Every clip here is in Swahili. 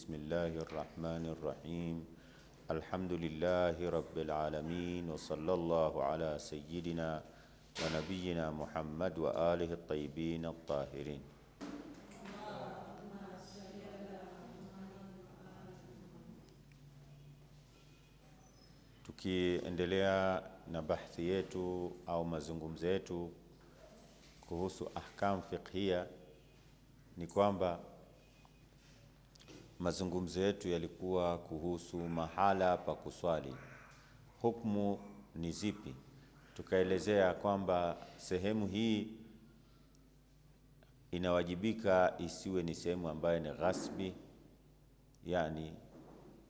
بسم الله الرحمن الرحيم الحمد لله رب العالمين وصلى الله على سيدنا ونبينا محمد وآله الطيبين الطاهرين Tukiendelea na bahthi yetu au mazungumzo yetu kuhusu ahkam fiqhia, ni kwamba mazungumzo yetu yalikuwa kuhusu mahala pa kuswali, hukumu ni zipi? Tukaelezea kwamba sehemu hii inawajibika isiwe ni sehemu ambayo ni ghasbi, yani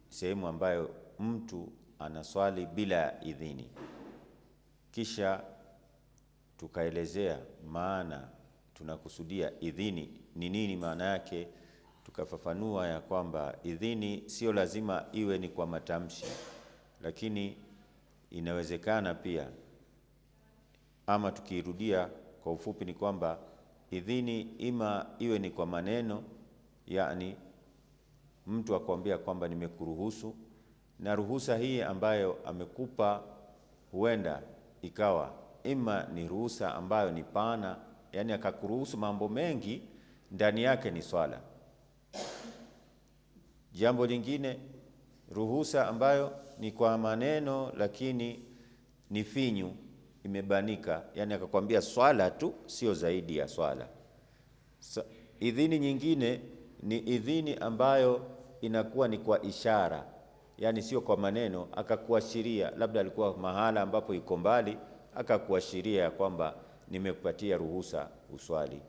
sehemu ambayo mtu anaswali bila idhini. Kisha tukaelezea maana tunakusudia idhini ni nini, maana yake tukafafanua ya kwamba idhini sio lazima iwe ni kwa matamshi, lakini inawezekana pia. Ama tukiirudia kwa ufupi, ni kwamba idhini ima iwe ni kwa maneno, yani mtu akwambia kwamba nimekuruhusu, na ruhusa hii ambayo amekupa huenda ikawa ima ni ruhusa ambayo ni pana, yani akakuruhusu mambo mengi ndani yake ni swala Jambo lingine ruhusa ambayo ni kwa maneno lakini ni finyu, imebanika, yani akakwambia swala tu, sio zaidi ya swala. So, idhini nyingine ni idhini ambayo inakuwa ni kwa ishara, yani sio kwa maneno, akakuashiria, labda alikuwa mahala ambapo iko mbali, akakuashiria ya kwamba nimekupatia ruhusa uswali,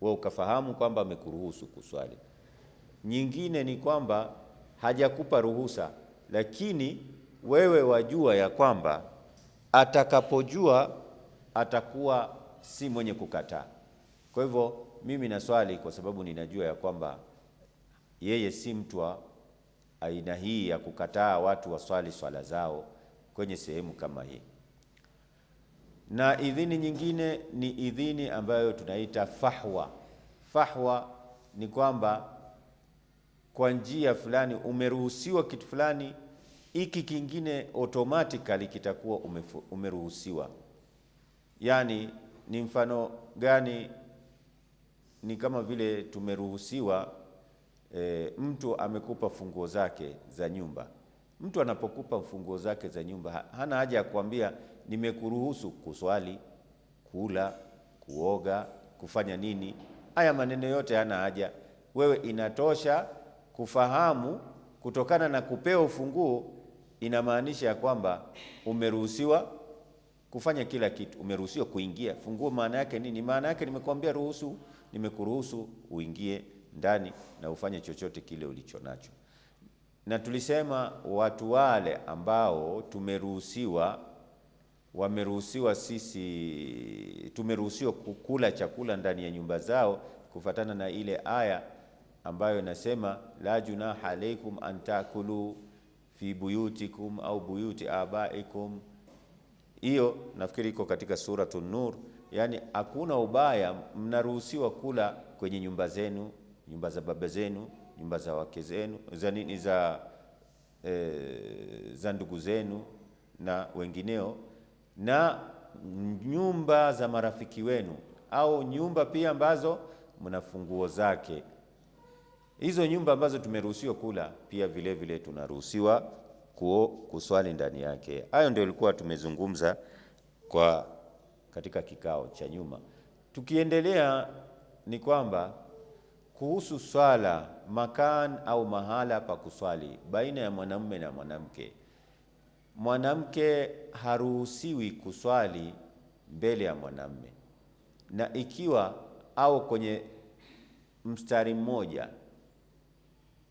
wewe ukafahamu kwamba amekuruhusu kuswali. Nyingine ni kwamba hajakupa ruhusa, lakini wewe wajua ya kwamba atakapojua atakuwa si mwenye kukataa. Kwa hivyo mimi naswali kwa sababu ninajua ya kwamba yeye si mtu wa aina hii ya kukataa watu waswali swala zao kwenye sehemu kama hii. Na idhini nyingine ni idhini ambayo tunaita fahwa. Fahwa ni kwamba kwa njia fulani, umeruhusiwa kitu fulani, hiki kingine automatically kitakuwa umeruhusiwa. Yaani ni mfano gani? Ni kama vile tumeruhusiwa e, mtu amekupa funguo zake za nyumba. Mtu anapokupa funguo zake za nyumba hana haja ya kuambia nimekuruhusu kuswali, kula, kuoga, kufanya nini. Haya maneno yote hana haja, wewe inatosha kufahamu kutokana na kupewa ufunguo inamaanisha ya kwamba umeruhusiwa kufanya kila kitu, umeruhusiwa kuingia. Funguo maana yake nini? Maana yake nimekuambia ruhusu, nimekuruhusu uingie ndani na ufanye chochote kile ulicho nacho. Na tulisema watu wale ambao tumeruhusiwa, wameruhusiwa sisi, tumeruhusiwa kukula chakula ndani ya nyumba zao kufatana na ile aya ambayo inasema la junaha alaikum an takulu fi buyutikum au buyuti abaikum. Hiyo nafikiri iko katika suratu Nur, yani hakuna ubaya, mnaruhusiwa kula kwenye nyumba zenu, nyumba za baba zenu, nyumba za wake zenu, za nini, za e, za ndugu zenu na wengineo, na nyumba za marafiki wenu, au nyumba pia ambazo mna funguo zake Hizo nyumba ambazo tumeruhusiwa kula pia vile vile tunaruhusiwa kuswali ndani yake. Hayo ndio ilikuwa tumezungumza kwa katika kikao cha nyuma. Tukiendelea ni kwamba kuhusu swala makan au mahala pa kuswali baina ya mwanamume na mwanamke, mwanamke haruhusiwi kuswali mbele ya mwanamume na ikiwa au kwenye mstari mmoja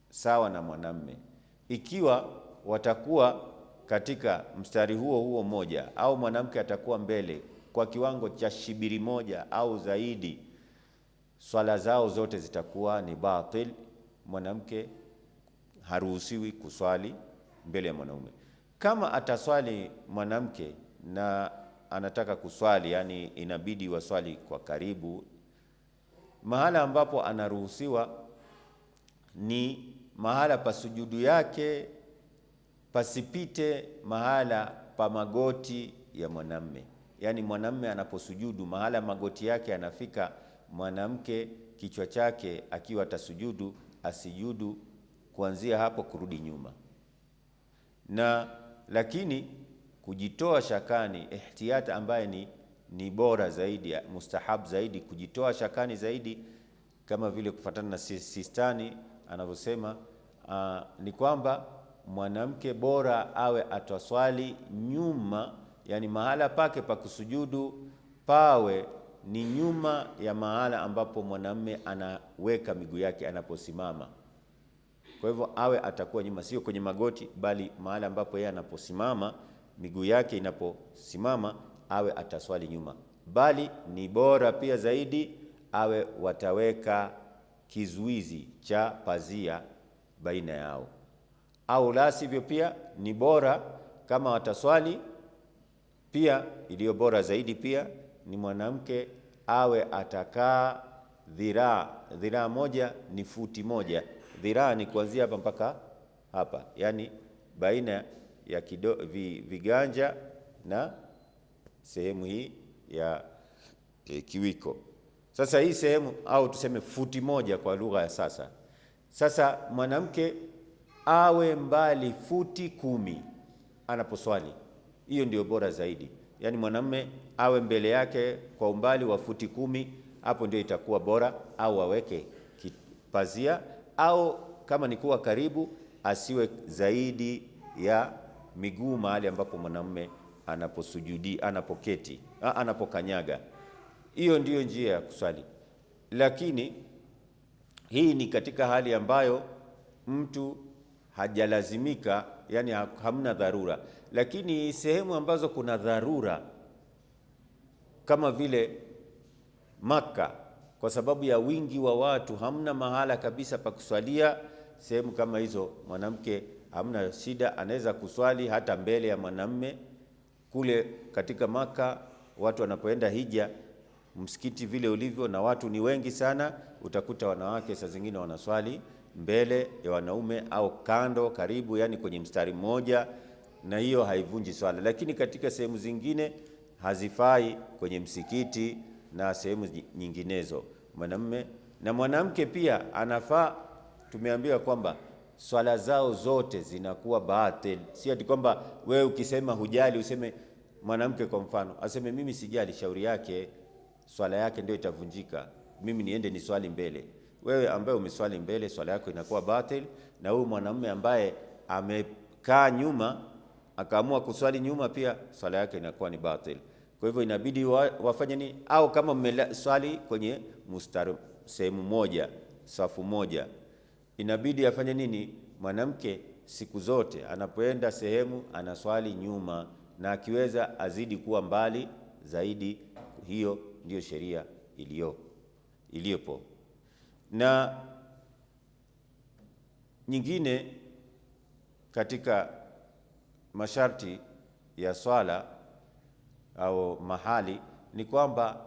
sawa na mwanamme, ikiwa watakuwa katika mstari huo huo moja au mwanamke atakuwa mbele kwa kiwango cha shibiri moja au zaidi, swala zao zote zitakuwa ni batil. Mwanamke haruhusiwi kuswali mbele ya mwanaume. Kama ataswali mwanamke na anataka kuswali, yani inabidi waswali kwa karibu. Mahala ambapo anaruhusiwa ni mahala pa sujudu yake pasipite mahala pa magoti ya mwanamme. Yaani mwanamme anaposujudu mahala magoti yake anafika, mwanamke kichwa chake akiwa atasujudu asijudu kuanzia hapo kurudi nyuma. Na lakini kujitoa shakani, ihtiyat ambaye ni, ni bora zaidi, mustahab zaidi, kujitoa shakani zaidi, kama vile kufatana na sistani anavyosema uh, ni kwamba mwanamke bora awe atwaswali nyuma, yani mahala pake pa kusujudu pawe ni nyuma ya mahala ambapo mwanamme anaweka miguu yake anaposimama. Kwa hivyo awe atakuwa nyuma, sio kwenye magoti, bali mahala ambapo yeye anaposimama, miguu yake inaposimama, awe ataswali nyuma, bali ni bora pia zaidi awe wataweka kizuizi cha pazia baina yao, au la sivyo, pia ni bora kama wataswali. Pia iliyo bora zaidi pia ni mwanamke awe atakaa dhiraa, dhiraa moja ni futi moja. Dhiraa ni kuanzia hapa mpaka hapa, yani baina ya kido, viganja na sehemu hii ya eh, kiwiko. Sasa hii sehemu au tuseme futi moja kwa lugha ya sasa. Sasa mwanamke awe mbali futi kumi anaposwali, hiyo ndio bora zaidi. Yaani mwanamume awe mbele yake kwa umbali wa futi kumi, hapo ndio itakuwa bora, au aweke kipazia, au kama ni kuwa karibu, asiwe zaidi ya miguu mahali ambapo mwanamume anaposujudi, anapoketi, anapokanyaga. Hiyo ndiyo njia ya kuswali, lakini hii ni katika hali ambayo mtu hajalazimika, yani hamna dharura. Lakini sehemu ambazo kuna dharura kama vile Makka, kwa sababu ya wingi wa watu, hamna mahala kabisa pa kuswalia. Sehemu kama hizo, mwanamke hamna shida, anaweza kuswali hata mbele ya mwanamme. Kule katika Makka, watu wanapoenda hija msikiti vile ulivyo na watu ni wengi sana, utakuta wanawake saa zingine wanaswali mbele ya wanaume au kando karibu, yani kwenye mstari mmoja, na hiyo haivunji swala. Lakini katika sehemu zingine hazifai, kwenye msikiti na sehemu nyinginezo, mwanamume na mwanamke pia anafaa. Tumeambiwa kwamba swala zao zote zinakuwa batil, si ati kwamba wewe ukisema hujali, useme mwanamke kwa mfano aseme mimi sijali, shauri yake swala yake ndio itavunjika, mimi niende ni swali mbele. Wewe ambaye umeswali mbele, swala yako inakuwa batil, na huyu mwanamume ambaye amekaa nyuma akaamua kuswali nyuma, pia swala yake inakuwa ni batil. Kwa hivyo inabidi wa, wafanye nini? Au kama mmeswali kwenye mustari sehemu moja, safu moja, inabidi afanye nini? Mwanamke siku zote anapoenda sehemu anaswali nyuma, na akiweza azidi kuwa mbali zaidi hiyo ndiyo sheria iliyopo. Na nyingine katika masharti ya swala au mahali ni kwamba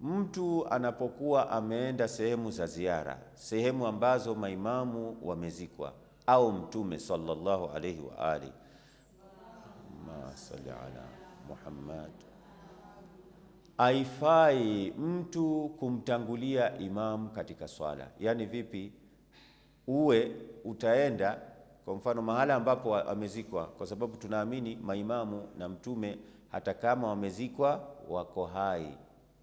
mtu anapokuwa ameenda sehemu za ziara, sehemu ambazo maimamu wamezikwa au Mtume sallallahu alaihi wa alihi, ma salli ala Muhammad haifai mtu kumtangulia imamu katika swala. Yaani vipi? Uwe utaenda kwa mfano mahala ambapo amezikwa, kwa sababu tunaamini maimamu na Mtume hata kama wamezikwa wako hai.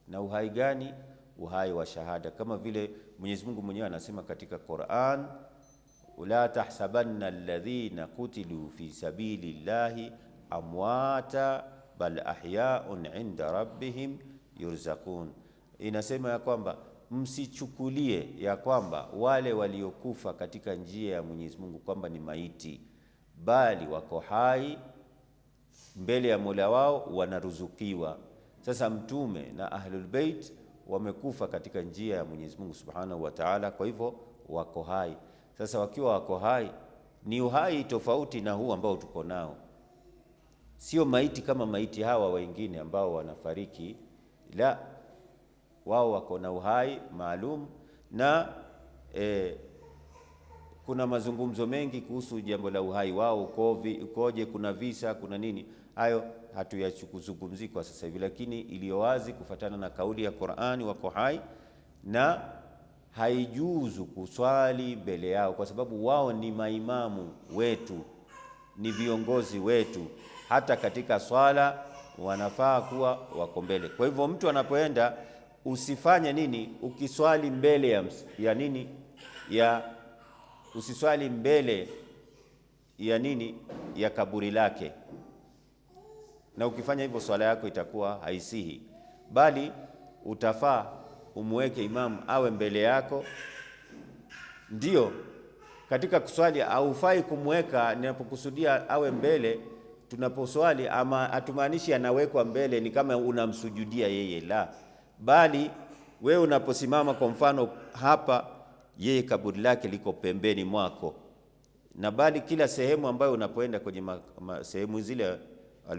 Na uhai gani? Uhai wa shahada, kama vile Mwenyezi Mungu mwenyewe anasema katika Qur'an, la tahsabanna alladhina kutilu fi sabilillahi amwata bal ahyaun inda rabbihim yurzaqun. Inasema ya kwamba msichukulie ya kwamba wale waliokufa katika njia ya Mwenyezi Mungu kwamba ni maiti, bali wako hai mbele ya Mola wao wanaruzukiwa. Sasa Mtume na Ahlul Bait wamekufa katika njia ya Mwenyezi Mungu Subhanahu wa Ta'ala, kwa hivyo wako hai. Sasa wakiwa wako hai, ni uhai tofauti na huu ambao tuko nao sio maiti kama maiti hawa wengine ambao wanafariki, la wao wako na uhai maalum na e, kuna mazungumzo mengi kuhusu jambo la uhai wao ukoje, kuna visa, kuna nini. Hayo hatuyakuzungumzii kwa sasa hivi, lakini iliyo wazi kufatana na kauli ya Qur'ani, wako hai na haijuzu kuswali mbele yao kwa sababu wao ni maimamu wetu ni viongozi wetu, hata katika swala wanafaa kuwa wako mbele. Kwa hivyo mtu anapoenda usifanye nini, ukiswali mbele ya, ya nini ya usiswali mbele ya nini ya kaburi lake, na ukifanya hivyo swala yako itakuwa haisihi, bali utafaa umweke imamu awe mbele yako, ndio katika kuswali haufai kumweka, ninapokusudia awe mbele tunaposwali, ama hatumaanishi anawekwa mbele ni kama unamsujudia yeye, la, bali wewe unaposimama, kwa mfano hapa, yeye kaburi lake liko pembeni mwako, na bali kila sehemu ambayo unapoenda kwenye ma, ma, sehemu zile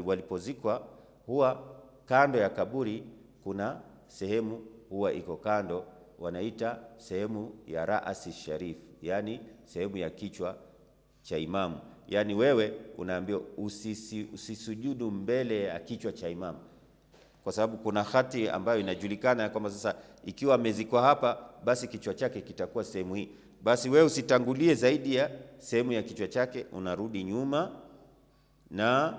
walipozikwa huwa kando ya kaburi kuna sehemu huwa iko kando, wanaita sehemu ya raasi sharifu yani sehemu ya kichwa cha imamu. Yani wewe unaambiwa usisi, usisujudu mbele ya kichwa cha imamu, kwa sababu kuna hati ambayo inajulikana kwamba sasa ikiwa amezikwa hapa, basi kichwa chake kitakuwa sehemu hii. Basi wewe usitangulie zaidi ya sehemu ya kichwa chake, unarudi nyuma na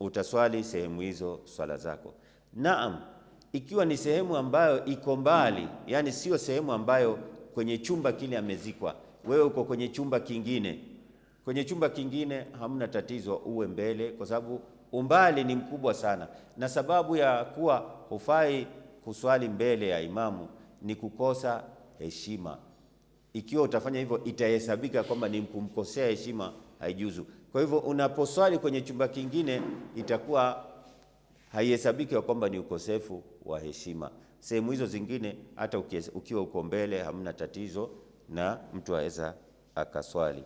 utaswali sehemu hizo swala zako. Naam, ikiwa ni sehemu ambayo iko mbali, yani sio sehemu ambayo kwenye chumba kile amezikwa, wewe uko kwenye chumba kingine. Kwenye chumba kingine hamna tatizo, uwe mbele, kwa sababu umbali ni mkubwa sana, na sababu ya kuwa hufai kuswali mbele ya imamu ni kukosa heshima. Ikiwa utafanya hivyo, itahesabika kwamba ni kumkosea heshima, haijuzu. Kwa hivyo unaposwali kwenye chumba kingine, itakuwa haihesabiki kwamba ni ukosefu wa heshima. Sehemu hizo zingine hata ukiwa uko mbele hamna tatizo, na mtu aweza akaswali.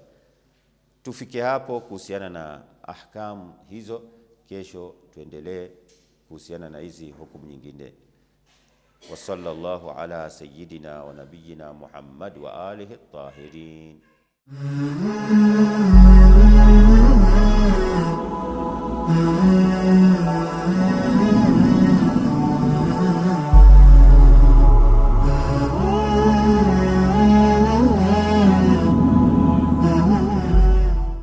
Tufike hapo kuhusiana na ahkamu hizo, kesho tuendelee kuhusiana na hizi hukumu nyingine. Wa sallallahu ala sayyidina wa nabiyina Muhammad wa alihi tahirin.